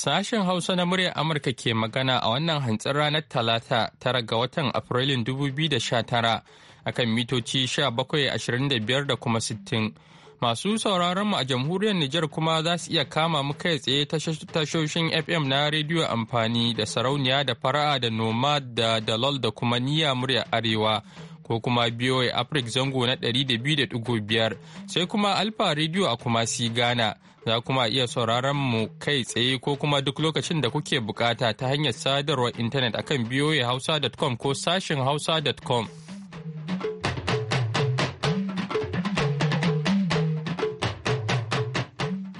Sashen Hausa na muryar Amurka ke magana a wannan hantsin ranar Talata tara ga watan Afrilun 2019 akan mitoci 1725 da kuma 60. Masu sauraron mu a jamhuriyar Nijar kuma za su iya kama mu kai tsaye tashoshin FM na rediyo amfani da sarauniya da fara'a da Noma da dalol da kuma niyya muryar Arewa. ko kuma BOA Africa zango na 200.5 sai kuma Alfa Radio a kuma si Ghana. Za kuma iya sauraron mu kai tsaye ko kuma duk lokacin da kuke bukata ta hanyar sadarwar intanet akan hausa.com ko sashin hausa.com.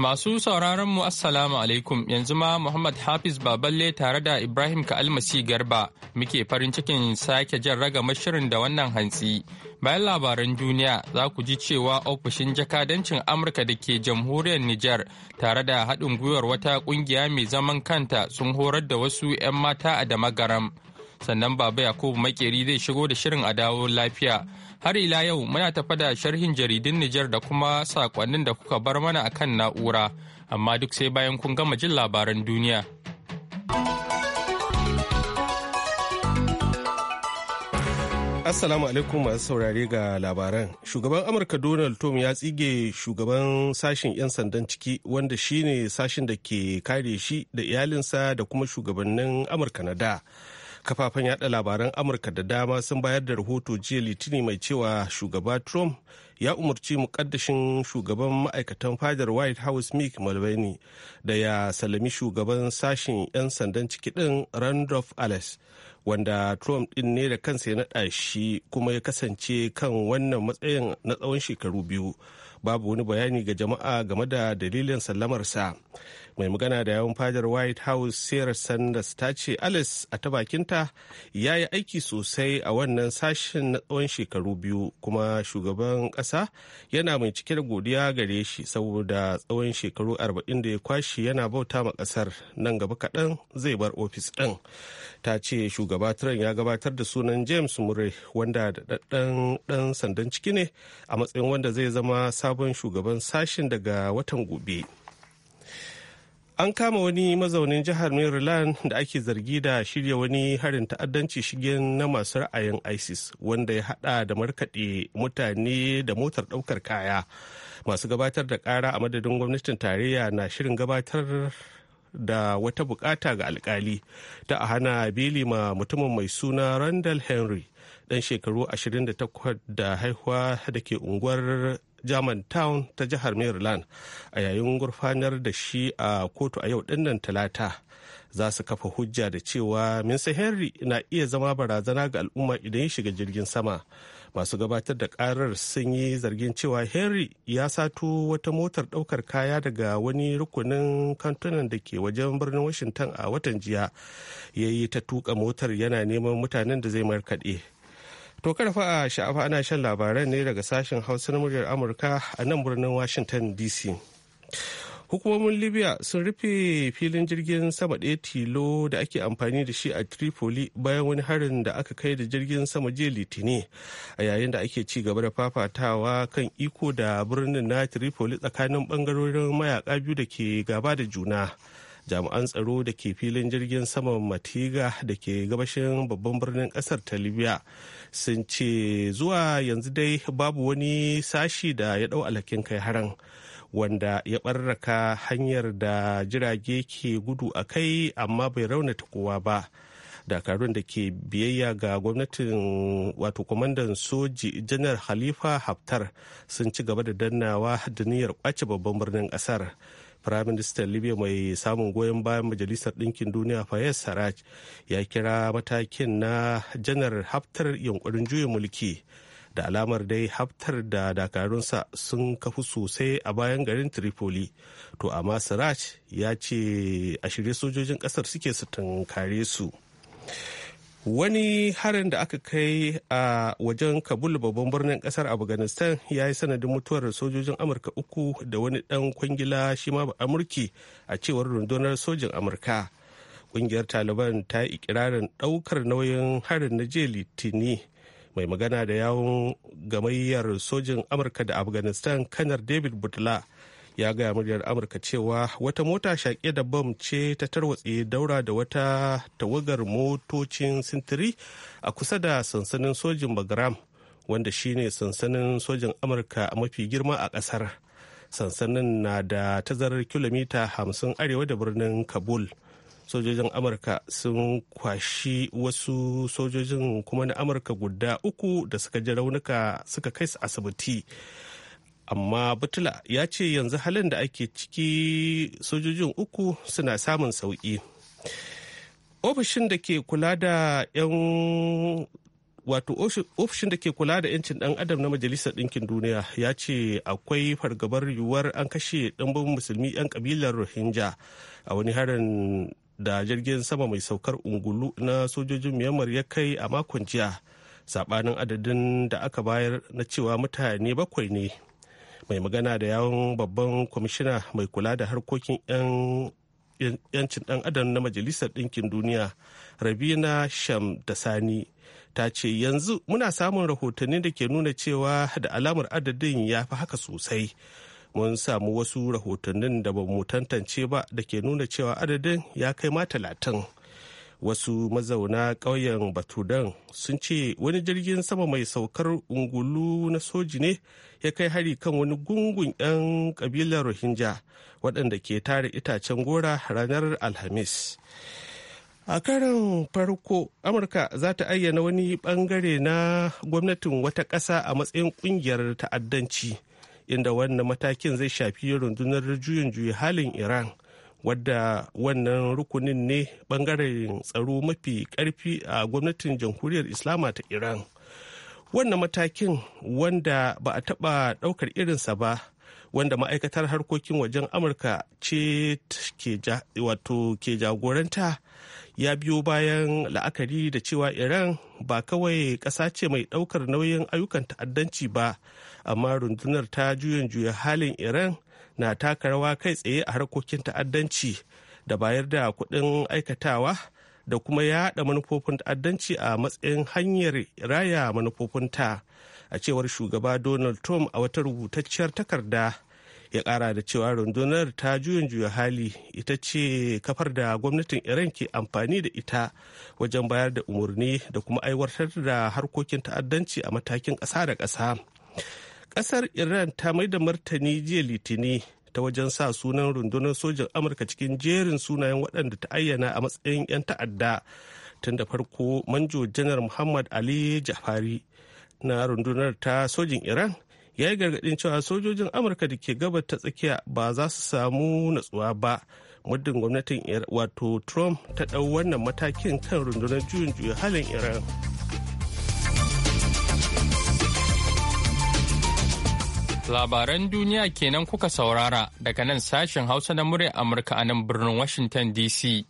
Masu sauraron mu Assalamu alaikum yanzu ma Muhammad Hafiz Baballe tare da Ibrahim Ka'almasi Garba muke farin cikin sake jan ragamar shirin da wannan hantsi. Bayan labaran duniya za ku ji cewa ofishin jakadancin Amurka da ke jamhuriyar Nijar tare da haɗin gwiwar wata ƙungiya mai zaman kanta sun horar da wasu 'yan mata a Damagaram. Sannan Baba Yakubu Makeri zai shigo da shirin a dawo lafiya Har ila yau muna tafa da sharhin jaridun Nijar da kuma sakonnin da kuka bar mana akan na'ura, amma duk sai bayan kun gama jin labaran duniya. Assalamu alaikum masu saurare ga labaran. Shugaban Amurka Donald Trump ya tsige shugaban sashen 'yan sandan ciki wanda shine sashen da ke kare shi da iyalinsa da kuma shugabannin Amurka na da. kafafen yada labaran amurka da dama sun bayar da rahoto jiya litini mai cewa shugaba trump ya umarci mukaddashin shugaban ma'aikatan fadar white house mick mulvaney da ya salami shugaban sashen 'yan sandan ciki din randolph alice wanda trump din ne da kansa ya naɗa shi kuma ya kasance kan wannan matsayin na tsawon shekaru biyu babu wani bayani ga jama'a game da dalilin sallamarsa mai magana da yawon fadar white house sarah sanders ta ce alice a ta bakinta ya yi aiki sosai a wannan sashen na tsawon shekaru biyu kuma shugaban kasa yana mai cike da godiya gare shi saboda tsawon shekaru 40 da ya kwashi yana bauta ma kasar nan gaba kaɗan zai bar ofis ɗin ta ce shugaba ya gabatar da sunan james murray wanda da ɗan sandan ciki ne a matsayin wanda zai zama sabon shugaban sashen daga watan gobe. an kama wani mazaunin jihar maryland da ake zargi da shirya wani harin ta'addanci shigen na masu ra'ayin isis wanda ya hada da markaɗe mutane da motar ɗaukar kaya masu gabatar da ƙara a madadin gwamnatin tarayya na shirin gabatar da wata bukata ga alkali ta a hana beli ma mutumin mai suna randall henry ɗan shekaru 28 da haihuwa da ke unguwar germantown ta jihar maryland a yayin gurfanar da shi a kotu a yau dinnan talata za su kafa hujja da cewa minsa henry na iya zama barazana ga al'umma idan ya shiga jirgin sama masu gabatar da karar sun yi zargin cewa henry ya sato wata motar daukar kaya daga wani rukunin kantunan da ke wajen birnin washington a watan jiya ya yi ta tuka motar yana neman mutanen da zai markaɗe To karfa a sha'afa ana shan labaran ne daga sashen hausa muryar Amurka a nan birnin Washington DC. Hukumomin Libya sun rufe filin jirgin sama ɗaya tilo da ake amfani da shi a Tripoli bayan wani harin da aka kai da jirgin sama jiya Litini a yayin da ake ci gaba da fafatawa kan iko da birnin na Tripoli tsakanin ɓangarorin mayaka biyu da ke gaba da juna. jami'an tsaro da ke filin jirgin saman matiga da ke gabashin babban birnin kasar ta libya sun ce zuwa yanzu dai babu wani sashi da ya dau alhakin kai haran wanda ya barraka hanyar da jirage ke gudu a kai amma bai raunata kowa ba dakarun da ke biyayya ga gwamnatin wato kwamandan soji janar halifa haftar sun ci gaba da dannawa da niyyar kwace babban birnin kasar. Firaministan Libya mai samun goyon bayan Majalisar Ɗinkin Duniya Fayez Sarraj ya kira matakin na janar haftar yunkurin juya mulki da alamar dai haftar da dakarunsa sun kafu sosai a bayan garin Tripoli. To amma Sarraj ya ce a shirye sojojin ƙasar suke su tunkare su. wani harin da aka kai a wajen kabul babban birnin kasar afghanistan ya yi sanadin mutuwar sojojin amurka uku da wani dan kwangila shima ma amurki a cewar rundunar sojin amurka kungiyar taliban ta yi ikirarin daukar nauyin harin na jiya litini mai magana da yawon gamayyar sojin amurka da afghanistan kanar david butler ya gaya muryar amurka cewa wata mota shaƙe da bam ce ta tarwatse daura da wata tawagar motocin sintiri a kusa da sansanin sojin bagram wanda shine sansanin sojin amurka mafi girma a ƙasar sansanin na da tazarar kilomita 50 arewa da birnin kabul sojojin amurka sun kwashi wasu sojojin kuma na amurka guda uku da suka ji raunuka suka kai su asibiti amma butula ya ce yanzu halin da ake ciki sojojin uku suna samun sauƙi ofishin da ke kula da 'yan wato ofishin da ke kula da 'yancin dan adam na majalisar ɗinkin duniya ya ce akwai fargabar yiwuwar an kashe ɗanbin musulmi 'yan ƙabilar rohingya a wani harin da jirgin sama mai saukar ungulu na sojojin myanmar ya kai a makon jiya saɓanin adadin da aka bayar na cewa mutane bakwai ne mai magana da yawon babban kwamishina mai kula da harkokin 'yancin ɗan adam na majalisar ɗinkin duniya rabina sham da sani ta ce yanzu muna samun rahotanni da ke nuna cewa da alamar adadin ya fi haka sosai mun samu wasu rahotannin da ba mu tantance ba da ke nuna cewa adadin ya kai ma talatin wasu mazauna ƙauyen batudan sun ce wani jirgin sama mai saukar ungulu na soji ne ya kai hari kan wani gungun 'yan ƙabilar rohingya waɗanda ke tara itacen gora ranar alhamis a karin farko amurka za ta ayyana wani ɓangare na gwamnatin wata ƙasa a matsayin ƙungiyar ta'addanci inda wannan matakin zai shafi rundunar juyin juyi halin iran wadda wannan rukunin ne bangaren tsaro mafi karfi a gwamnatin jamhuriyar islama ta iran wannan matakin wanda ba a taɓa ɗaukar irinsa ba wanda ma'aikatar harkokin wajen amurka ce ke jagoranta ya biyo bayan la'akari da cewa iran ba kawai ƙasa ce mai ɗaukar nauyin ayyukan ta'addanci ba amma rundunar ta juyin juya halin iran na taka rawa kai tsaye a harkokin ta'addanci da bayar da kuɗin aikatawa da kuma yaɗa manufofin ta'addanci a matsayin hanyar raya manufofinta a cewar shugaba donald trump a wata rubutacciyar takarda ya ƙara da cewa rundunar ta juyin juya hali ita ce kafar da gwamnatin iran ke amfani da ita wajen bayar da umarni da kuma aiwatar da harkokin ta'addanci a matakin ƙasa da ƙasa kasar iran ta mai da martani jiya litini ta wajen sa sunan rundunar sojin amurka cikin jerin sunayen waɗanda ta ayyana a matsayin 'yan ta'adda tun da farko manjo janar muhammad ali jafari na rundunar ta sojin iran ya yi gargaɗin cewa sojojin amurka da ke gabar ta tsakiya ba za su samu natsuwa ba muddin gwamnatin wato trump ta ɗau wannan matakin kan rundunar juyin juya halin iran Labaran duniya kenan kuka saurara daga nan sashen Hausa na murya Amurka a nan birnin Washington DC.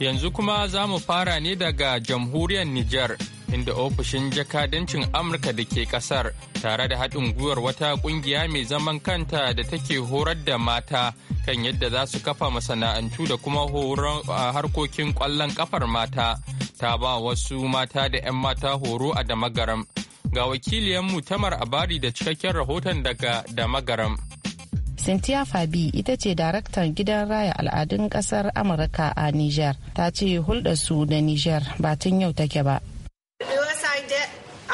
Yanzu kuma za mu fara ne daga jamhuriyar Nijar. inda ofishin jakadancin Amurka da ke kasar tare da haɗin gwiwar wata ƙungiya mai zaman kanta da take horar da mata kan yadda za su kafa masana'antu da kuma horon harkokin ƙwallon ƙafar mata ta ba wasu mata da 'yan mata horo a damagaram. Ga wakiliyanmu Tamar Abari da cikakken rahoton daga damagaram. Cynthia Fabi ita ce daraktan gidan raya al'adun kasar Amurka a nijar ta ce hulɗar su da nijar ba tun yau take ba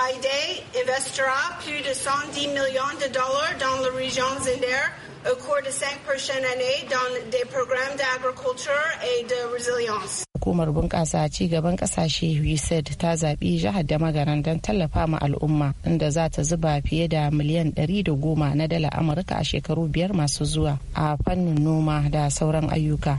Biden investira plus de 110 millions de dollars dans la région Zinder au cours de cinq prochaines années dans des programmes d'agriculture et de résilience. Hukumar bunƙasa ci gaban ƙasashe USAID ta zaɓi jihar da magaran don tallafa ma al'umma inda za ta zuba fiye da miliyan ɗari da goma na dala Amurka a shekaru biyar masu zuwa a fannin noma da sauran ayyuka.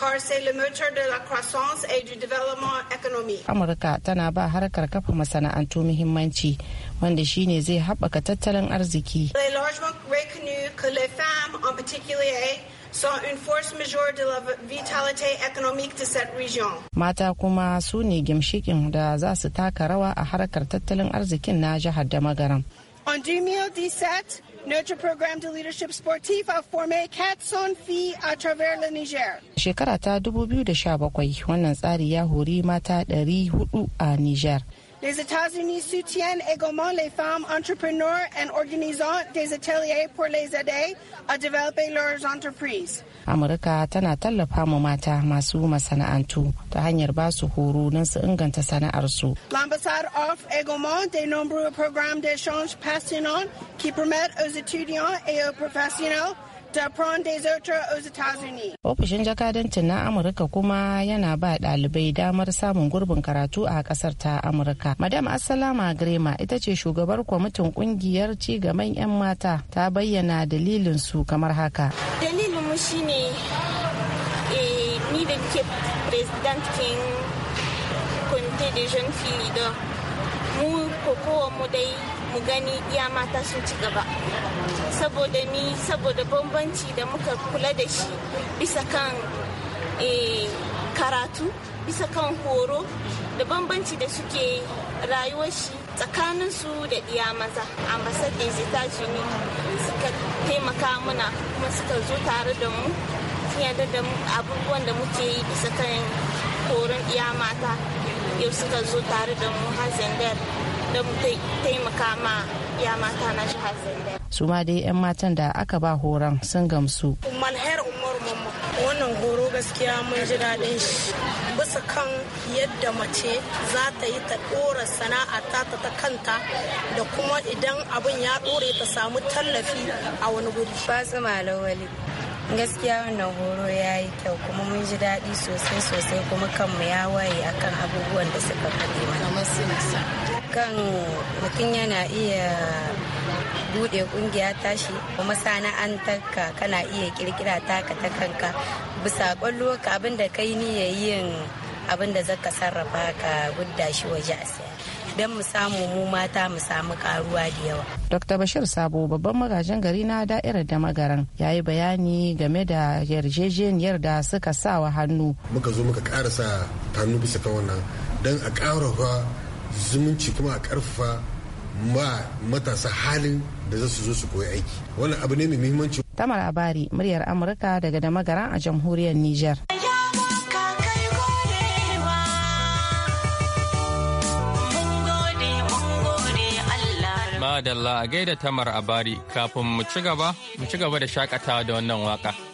Corse le moteur de la croissance et du développement économique. Amurka tana ba harkar kafa masana'antu muhimmanci wanda shine zai haɓaka tattalin arziki. Le logement reconnu que les femmes en particulier sont une force de la vitalité économique de cette région. Mata kuma su ne gimshikin da za su taka rawa a harkar tattalin arzikin na jihar Damagaram. En 2017, Nurture program de Leadership Sportif a forme 400 Fi a travers le Niger. Shekara ta 2017 wannan tsari ya hori mata 400 a Niger. Les États-Unis soutiennent également les femmes entrepreneurs en organisant des ateliers pour les aider à développer leurs entreprises. L'ambassade offre également de nombreux programmes d'échange passionnants qui permettent aux étudiants et aux professionnels Ofishin jakadancin na Amurka kuma yana ba ɗalibai damar samun gurbin karatu a ƙasar ta Amurka. Madam asalama Grema ita ce shugabar kwamitin ƙungiyar cigaban 'yan mata ta bayyana dalilin su kamar haka. Dalilin mu shine eh, ni da ke president kin da de Jeunes Filles mu Ko mu dai mu gani iya mata sun ci gaba saboda ni saboda bambanci da muka kula da shi bisa kan eh, karatu bisa kan horo da bambanci da suke rayuwar shi tsakanin su da iya maza ambasad ta suka taimaka mana kuma suka zo tare da mu sun da abubuwan da muke yi bisa kan horon iya mata yau suka zo tare da mu har zandar don taimaka ma ya mata na jihar Su ma dai 'yan matan da aka ba horon sun gamsu. Malher Umar Mamman wannan horo gaskiya mun ji daɗin shi bisa kan yadda mace za ta yi ta ɗora sana'a ta ta kanta da kuma idan abin ya ɗore ta samu tallafi a wani guri. Fatima Lawali. gaskiya wannan horo ya yi kyau kuma mun ji daɗi sosai sosai kuma kanmu ya waye akan abubuwan da suka faɗi mana kan mutum yana iya bude kungiya tashi kuma sana'antarka kana iya kirkira taka ta kanka bisa kwallo ka abin kai ni yin abin zaka sarrafa ka gudda shi waje a don mu samu mu mata mu samu karuwa da yawa. Dr. Bashir Sabo babban magajin gari na da'irar da magaran ya yi bayani game da yarjejeniyar da suka sa wa hannu. Muka zo muka karasa hannu bisa kan wannan don a karafa zumunci kuma a ƙarfafa ma matasa halin da za su zo su koyi aiki. Wannan abu ne mai muhimmanci. Tamar Abari, muryar Amurka daga da magaran a jamhuriyar Nijar. madalla a gaida tamar a bari kafin mu mu ci gaba da shakatawa da wannan waka.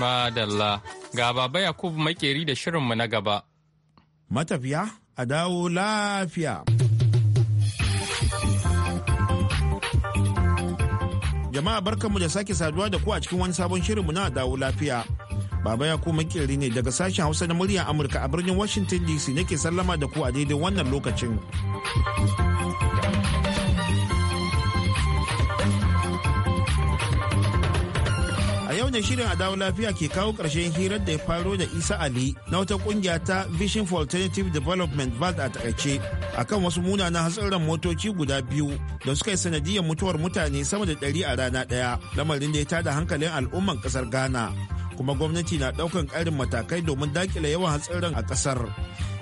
Madalla, ga Baba Yakubu makeri da shirinmu na gaba. Matafiya, a dawo lafiya. Jama'a barkanmu da sake saduwa da ku a cikin wani sabon shirin mu na dawo lafiya. Baba Yakubu makeri ne daga sashen Hausa na murya Amurka a birnin Washington DC nake sallama da ku a daidai wannan lokacin. wannan shirin a dawo lafiya ke kawo ƙarshen hirar da ya faro da isa ali na wata kungiya ta vision for alternative development bad a takaice akan wasu munanan hatsarin motoci guda biyu da suka yi sanadiyar mutuwar mutane sama da ɗari a rana ɗaya lamarin da ya tada hankalin al'umman kasar ghana kuma gwamnati na ɗaukan ƙarin matakai domin daƙile yawan hatsarin a kasar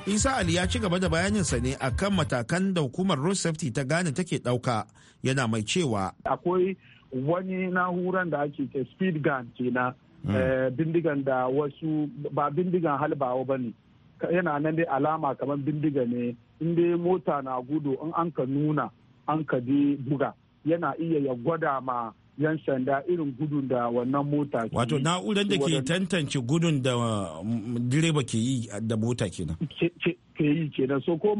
isa ali ya ci gaba da bayanin sa ne akan matakan da hukumar road safety ta ghana take ɗauka yana mai cewa akwai wani na'uran da ake ce speed gun kenan hmm. eh, bindigan da wasu ba bindigan halbawa ba ne yana nan dai alama kamar bindiga ne in dai mota na gudu in an ka nuna an ka je buga yana iya ya gwada ma yan sanda irin gudun da wannan mota ke wato na'urar da ke tantance gudun da mm, direba ke yi da mota kenan ke yi kenan so ko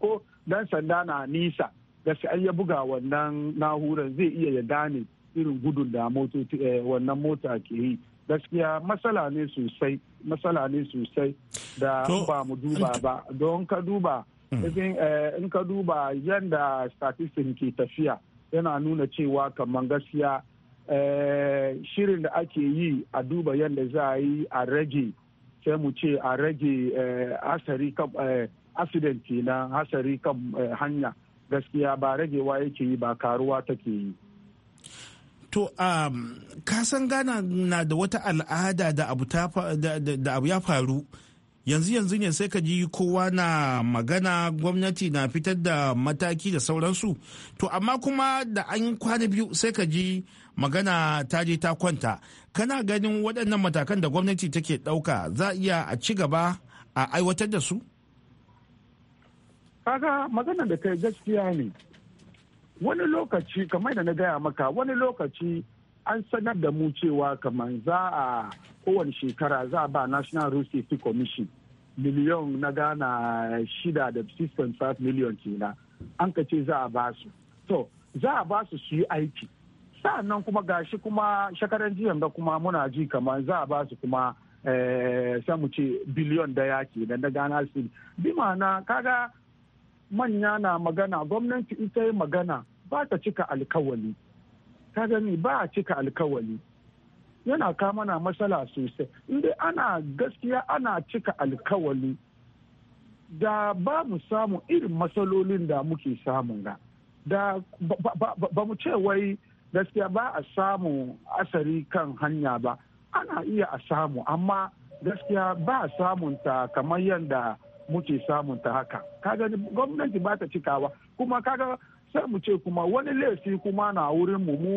ko dan sanda na nisa gaskiya ya buga wannan na'uran zai iya ya dane irin gudun da motoci eh, wannan mota ke yi gaskiya matsala ne sosai matsala ne sosai da ba mu duba ba don ka duba in ka duba mm. eh, yadda statistics ke tafiya yana nuna cewa kamar gaskiya eh, shirin da ake yi a duba yadda za a yi a rage sai mu ce a rage asari kan accident na hasari kan hanya gaskiya ba ragewa yake yi ba karuwa take yi to um, kasan ghana na da wata al'ada da abu, ya faru yanzu yanzu ne sai ka ji kowa na magana gwamnati na fitar da mataki da sauransu to amma kuma da an kwana biyu sai ka ji magana ta je ta kwanta kana ganin waɗannan matakan da gwamnati take ɗauka za a iya a ci gaba a aiwatar da su kaga magana da kai gaskiya ne wani lokaci kamar da na gaya maka wani lokaci an sanar da mu cewa kamar za a kowane shekara za a ba national road safety commission miliyon na gana shida da 6.5 miliyon kina an ka ce za a ba su to za a ba su su yi aiki sa'annan kuma gashi kuma shekaran jiyan da kuma muna ji kamar za a ba su kuma eh, sai ce biliyon daya kenan na gana bi ma'ana kaga manya na magana gwamnati ita yi magana ba ta cika alkawali ta gani ba a cika alkawali yana kamana matsala sosai inda ana gaskiya ana cika alkawali da ba mu samu irin matsalolin da muke samun ga da ba mu ce wai gaskiya ba a samu asari kan hanya ba ana iya a samu amma gaskiya ba a ta kamar yadda muke samunta haka kaga gwamnati ba ta cikawa kuma kaga sai mu ce kuma wani laifi kuma na wurin mu mu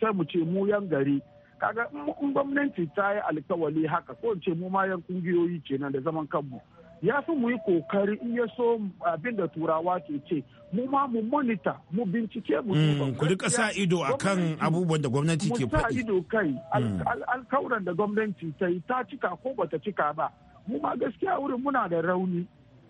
sai mu ce mu yan gari kaga in gwamnati ta yi alkawali haka ko ce mu ma yan kungiyoyi kenan da zaman kanmu ya fi mu yi kokari in ya so abin da turawa ke ce mu ma mu monita mu bincike mu mm, ku rika sa ido akan abubuwan da gwamnati ke faɗi mu sa ido kai mm. alkawuran da gwamnati ta yi ta cika ko bata cika ba mu ma gaskiya wurin muna da rauni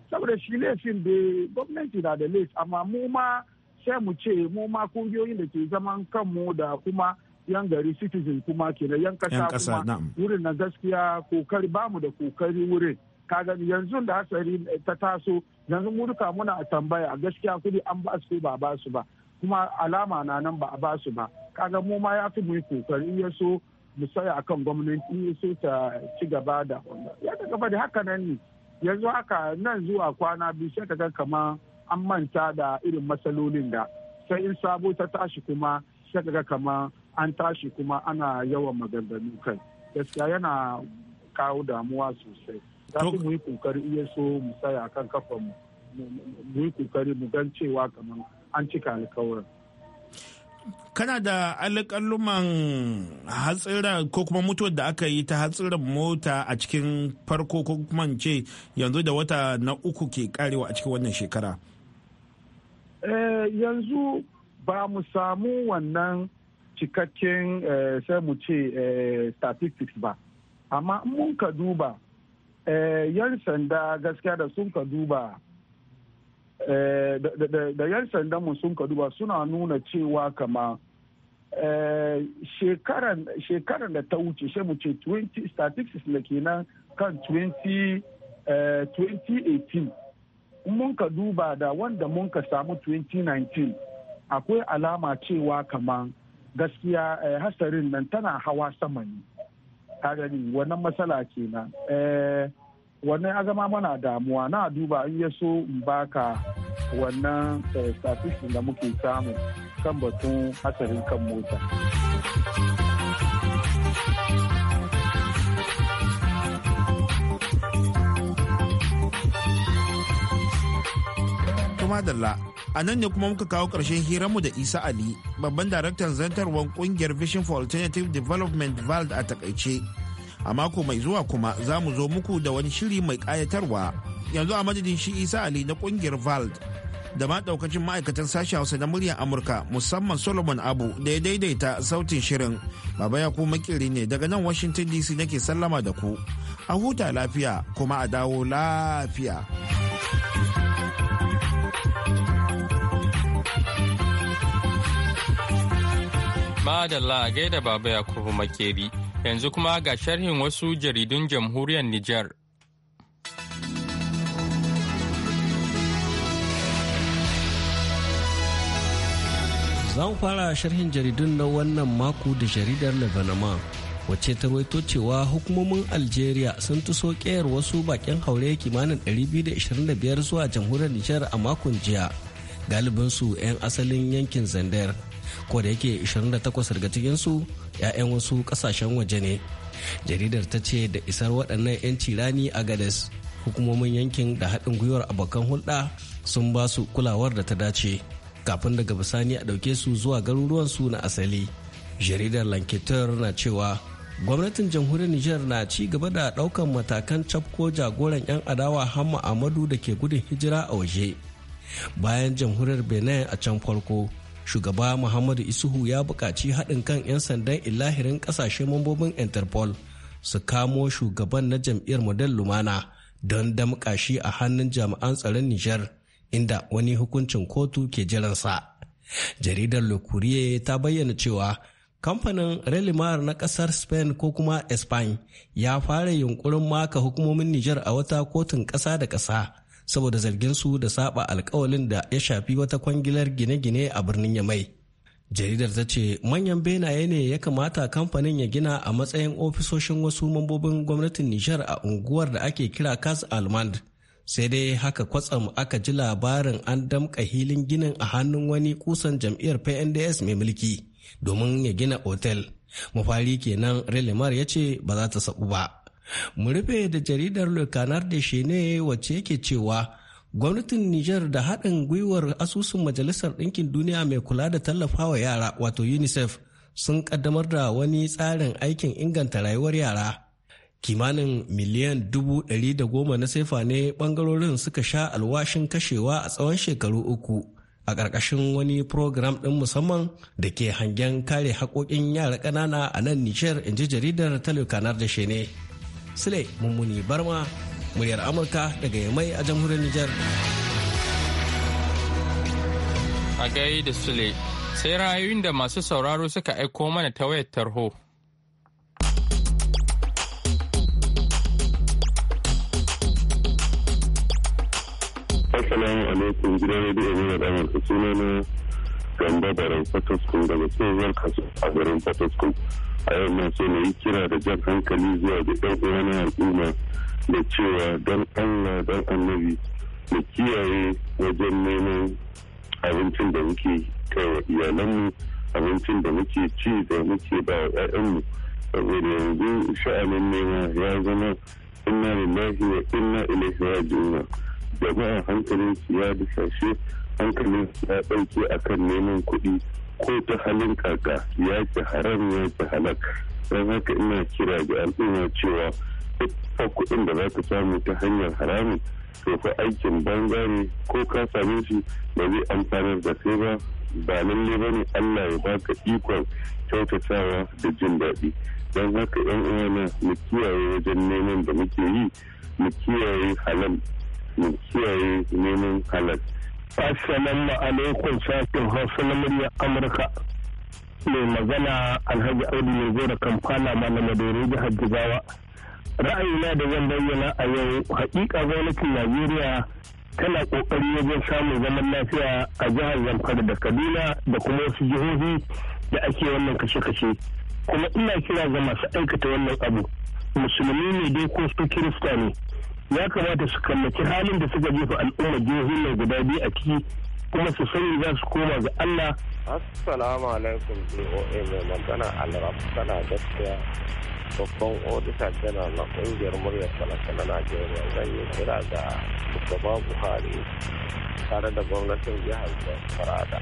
saboda shi laifin da gwamnati na da laifi amma mu ma sai mu ce mu ma kungiyoyin da ke zaman kanmu da kuma yan gari citizen kuma kenan yan kasa kuma wurin na gaskiya kokari mu da kokari wurin kaga gani yanzu da hasari ta taso yanzu mu duka muna a tambaya a gaskiya kudi an ba su ba ba su ba kuma alama na nan ba a ba su ba kaga mu ma ya fi mu yi kokari iya ya so mu tsaya akan gwamnati iya so ta ci gaba da ya ta gaba da haka nan ne yanzu haka nan zuwa kwana biyu sai ka ga kamar an manta da irin matsalolin da sai in sabo ta tashi kuma sai ga kamar an tashi kuma ana yawan maganganu kai gaskiya yana kawo damuwa sosai za fi mu yi kokari iya so mu tsaya kan kafa mu yi kokari mu gan cewa kaman an cika alkawarin kana da alƙaluman hatsira ko kuma mutuwar da aka yi ta hatsiran mota a cikin farko ko kuma ce yanzu da wata na uku ke karewa a cikin wannan shekara Eh, yanzu ba mu samu wannan cikakken eh, sai mu ce eh, statistics ba amma mun ka duba yan sanda gaskiya da sun ka duba da yan sanda mu sun ka duba suna nuna cewa kama shekaran da ta wuce sai mu ce statistics da kenan kan 2018 mun ka duba da wanda mun ka samu 2019 akwai alama cewa kaman gaskiya eh, hasarin nan tana hawa sama ne gani wannan matsala kenan eh, wannan azama mana damuwa na duba in ya so in baka wannan eh, statistics da muke samu kan batun hasarin kan mota. madalla a nan ne kuma muka kawo ƙarshen hiranmu da isa ali babban daraktan zantarwar kungiyar vision for alternative development vald a takaice a mako mai zuwa kuma za mu zo muku da wani shiri mai ƙayatarwa yanzu a madadin shi isa ali na kungiyar vald da ma daukacin ma'aikatan sashen hausa na muryar amurka musamman solomon abu da ya daidaita sautin shirin baba ya kuma makiri ne daga nan washington dc nake sallama da ku a huta lafiya kuma a dawo lafiya. adalla a gaida Baba Yakubu Makeri. Yanzu kuma ga sharhin wasu jaridun jamhuriyar Nijar. Zan fara sharhin jaridun na wannan mako da jaridar Lebanama. wace ta rawaito cewa hukumomin algeria sun tuso kayar wasu bakin haure kimanin 225 zuwa jamhuriyar nijar a makon jiya galibinsu 'yan asalin yankin zandar ko da yake 28 daga cikin su 'ya'yan wasu kasashen waje ne jaridar ta ce da isar waɗannan 'yan rani a gades hukumomin yankin da haɗin gwiwar abokan hulɗa sun ba su kulawar da ta dace kafin daga bisani a ɗauke su zuwa garuruwan su na asali jaridar lanketer na cewa gwamnatin jamhuriyar niger na ci gaba da ɗaukan matakan cafko jagoran 'yan adawa hamma amadu da ke gudun hijira a waje bayan jamhuriyar benin a can farko shugaba muhammadu isuhu ya buƙaci haɗin kan 'yan sandan ilahirin ƙasashen mambobin interpol su kamo shugaban na jam'iyyar model lumana don damƙa shi a hannun jami'an tsaron nijar inda wani hukuncin kotu ke jiransa jaridar le ta bayyana cewa kamfanin relimar na ƙasar spain ko kuma espain ya fara yunkurin maka hukumomin nijar a wata kotun ƙasa da ƙasa saboda zargin su da saba alkawalin da ya shafi wata kwangilar gine-gine a birnin Yamai. Jaridar ta ce manyan benaye ne ya kamata kamfanin ya gina a matsayin ofisoshin wasu mambobin gwamnatin Nijar a unguwar da ake kira Kas Almand. Sai dai haka kwatsam aka ji labarin an damka hilin ginin a hannun wani kusan jam'iyyar PNDS mai mulki domin ya gina otel. Mafari kenan relimar ya ce ba za ta sabu ba. mu rufe da jaridar le canard de wacce yake cewa gwamnatin niger da haɗin gwiwar asusun majalisar ɗinkin duniya mai kula da tallafawa yara wato unicef sun kaddamar da wani tsarin aikin inganta rayuwar yara kimanin miliyan dubu ɗari da goma na sefa ne ɓangarorin suka sha alwashin kashewa a tsawon shekaru uku a ƙarƙashin wani program ɗin musamman da ke hangen kare haƙoƙin yara ƙanana a nan nijar in ji jaridar talakanar da shi ne Sule Mummuni Barma, muryar Amurka daga Yamai a jamhuriyar Nijar. A gai da Sule, sai ra'ayoyin da masu sauraro suka aiko mana ta wayar tarho. Assalamu alaikum gidan rediyo ne da Amurka na Gamba Baran da daga tsohuwar kasu a garin Fatoskun. a yau na so na yi kira da jan hankali zuwa da ɗan al'umma da cewa don allah don annabi da kiyaye wajen neman abincin da muke kai iyalanmu abincin da muke ci da muke ba wa 'ya'yanmu saboda yanzu sha'anin nema ya zama inna lillahi wa inna ilaihi juna jama'a hankalin su ya dusashe hankalin ya ɗauke akan neman kuɗi ko ta halin kaka ya ci haram ya ci halak don haka ina kira ga al'umma cewa duk kuɗin da za ka samu ta hanyar haramun to fa aikin banza ne ko ka same shi ba zai amfanar da kai ba ba lalle ba ne Allah ya baka ikon kyautatawa da jin daɗi don haka yan uwana mu kiyaye wajen neman da muke yi mu kiyaye halal mu kiyaye neman halal Assalamu alaikum sashen Hausa na murya Amurka. Mai magana Alhaji Audu mai zo da kamfana malama da jihar Jigawa. Ra'ayina da zan bayyana a yau hakika gwamnatin Najeriya tana kokari wajen samun zaman lafiya a jihar Zamfara da Kaduna da kuma wasu jihohi da ake wannan kashe-kashe. Kuma ina kira ga masu aikata wannan abu. Musulmi ne dai ko su Kirista ne. ya kamata su kallaci halin da suka jefa al'ummar jihohin nan guda biyu a ciki kuma su sani za su koma ga Allah. Assalamu alaikum BOA mai magana Alraf tana gaskiya babban odita tana na kungiyar muryar talaka na najeriya zan yi kira ga shugaba buhari tare da gwamnatin jihar zamfara da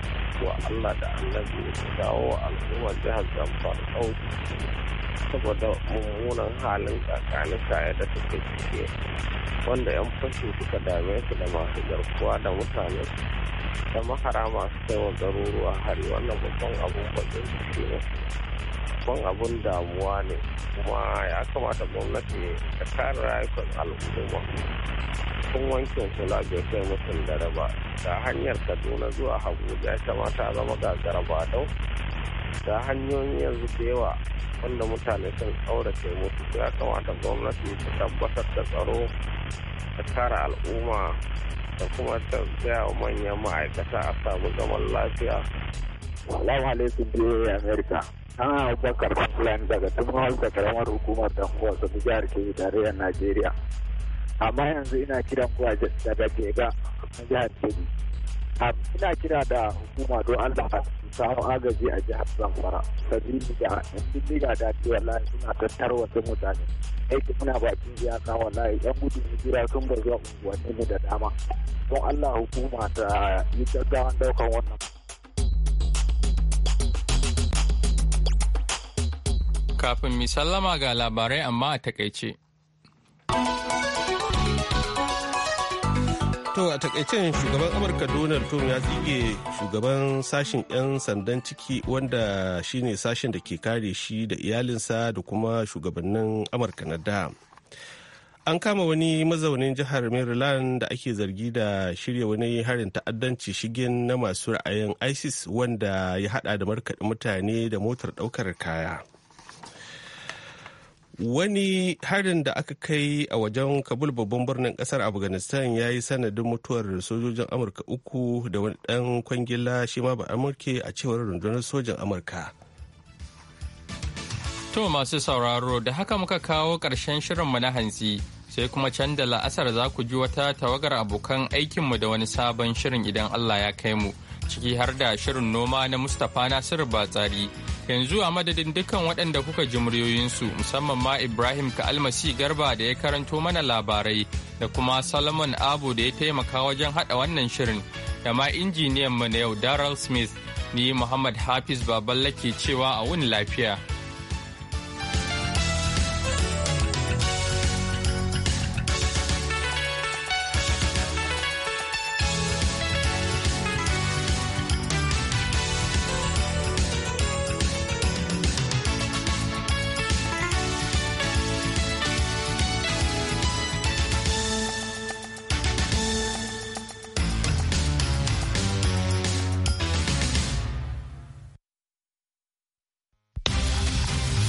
wa allah da annabi da kawo al'ummar jihar zamfara ɗauki saboda mummunan halin tsakanin kaya da suke cike wanda 'yan fashi suka dame su da masu garkuwa da mutane da mahara masu kaiwa garuruwa hari wannan babban abun bakin shi ne babban abun damuwa ne kuma ya kamata gwamnati ta kare rayukan al'umma sun wankin kula kai mutum da raba da hanyar kaduna zuwa hagu ya kamata a zama gagara ba don da hanyoyi yanzu da yawa wanda mutane sun saurace mutu ya kamata gwamnati ta tabbatar da tsaro ta kare al'umma da kuma ta gaya wa manyan ma'aikata a samu zaman lafiya. Salamu halittu biyu Amerika. Ana ah, Abubakar Fulani daga Tumawar da karamar hukumar Dambuwa da jihar Kebbi tarayyar Najeriya. Amma yanzu ina kiran ku daga Jega na jihar Kebbi. Ina kira da hukuma don Allah a samu agaji a jihar Zamfara. Sabili da yan diga da ce wallahi suna tattar wasu mutane. Aiki muna bakin iyaka wallahi yan gudun hijira sun bar zuwa unguwanni da dama. Don Allah hukuma ta yi gaggawan daukan wannan Kafin mi sallama ga labarai amma a takaice. To a takaicen shugaban Amurka Donald Trump ya tsige shugaban sashen 'yan sandan ciki wanda shine sashen da ke kare shi da iyalinsa da kuma shugabannin Amurka na da. An kama wani mazaunin jihar Maryland da ake zargi da shirya wani harin ta'addanci shigin na masu ra'ayin ISIS wanda ya hada da markaɗe mutane da motar ɗaukar kaya. wani harin da aka kai a wajen kabul babban birnin kasar afghanistan ya yi sanadin mutuwar sojojin amurka uku da wani dan kwangila shi ma ba amurke a cewar rundunar sojin amurka to masu sauraro da haka muka kawo ƙarshen shirinmu na hantsi sai kuma can da la'asar za ku ji wata tawagar abokan aikinmu da wani sabon shirin idan allah ya kai mu. ciki har da shirin noma na Mustapha Nasiru Batsari. Yanzu a madadin dukkan waɗanda kuka ji muryoyinsu musamman ma Ibrahim ka Almasi Garba da ya karanto mana labarai da kuma Solomon Abu da ya taimaka wajen haɗa wannan shirin da ma injiniyan mu na yau Daryl Smith ni Muhammad Hafiz Baballe ke cewa a wuni lafiya.